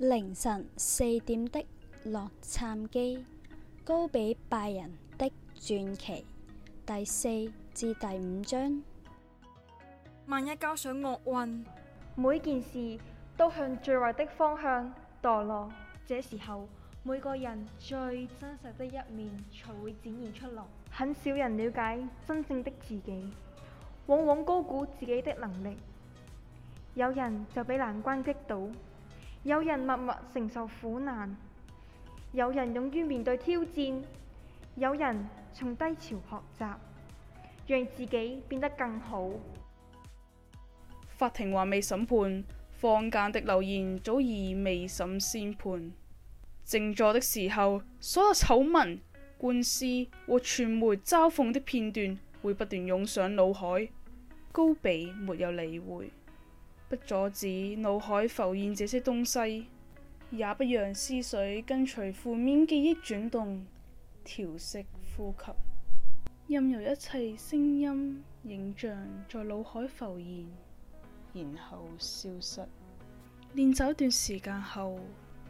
凌晨四點的洛杉磯，高比拜仁的傳奇第四至第五章。萬一交上惡運，每件事都向最壞的方向墮落，這時候每個人最真實的一面才會展現出來。很少人了解真正的自己，往往高估自己的能力，有人就被難關擊倒。有人默默承受苦難，有人勇於面對挑戰，有人從低潮學習，讓自己變得更好。法庭還未審判，坊間的留言早已未審先判。靜坐的時候，所有醜聞、官司和傳媒嘲諷的片段會不斷湧上腦海。高比沒有理會。不阻止腦海浮現這些東西，也不讓思緒跟隨負面記憶轉動，調息呼吸，任由一切聲音、影像在腦海浮現，然後消失。練走一段時間後，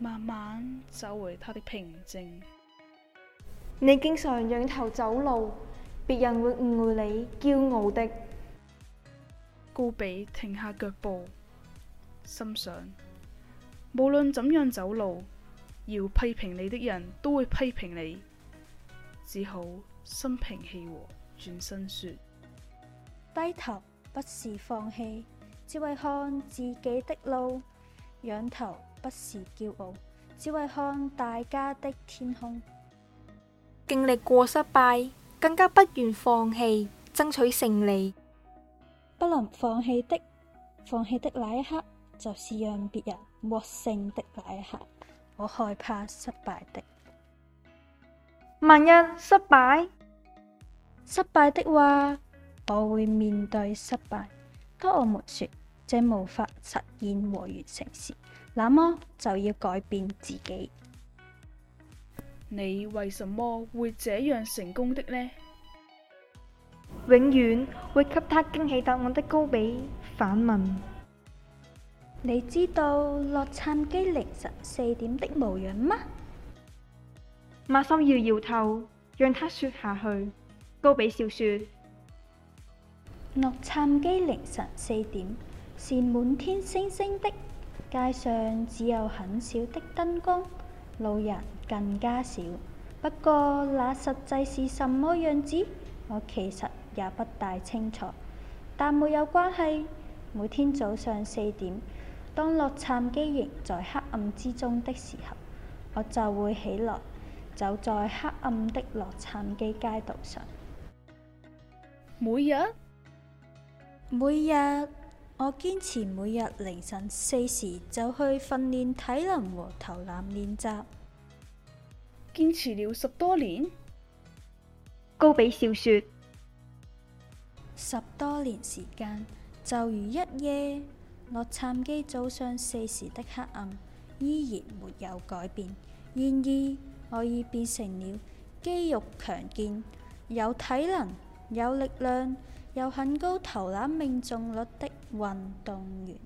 慢慢走回他的平靜。你經常仰頭走路，別人會誤會你驕傲的。高比停下腳步，心想無論怎樣走路，要批評你的人都會批評你，只好心平氣和轉身說：低頭不是放棄，只為看自己的路；仰頭不是驕傲，只為看大家的天空。經歷過失敗，更加不願放棄，爭取勝利。不能放棄的，放棄的那一刻，就是讓別人獲勝的那一刻。我害怕失敗的，萬一失敗，失敗的話，我會面對失敗。當我們說這無法實現和完成時，那麼就要改變自己。你為什麼會這樣成功的呢？永遠會給他驚喜答案的高比反問：你知道洛杉磯凌晨四點的模樣嗎？馬心搖搖頭，讓他說下去。高比笑説：洛杉磯凌晨四點是滿天星星的，街上只有很少的燈光，路人更加少。不過那實際是什麼樣子？我其實，也不大清楚，但沒有關係。每天早上四點，當洛杉磯仍在黑暗之中的時候，我就會起來，走在黑暗的洛杉磯街道上。每日，每日，我堅持每日凌晨四時就去訓練體能和投籃練習，堅持了十多年。高比笑說。十多年時間，就如一夜，洛杉磯早上四時的黑暗依然沒有改變。然而，我已變成了肌肉強健、有體能、有力量、有很高投籃命中率的運動員。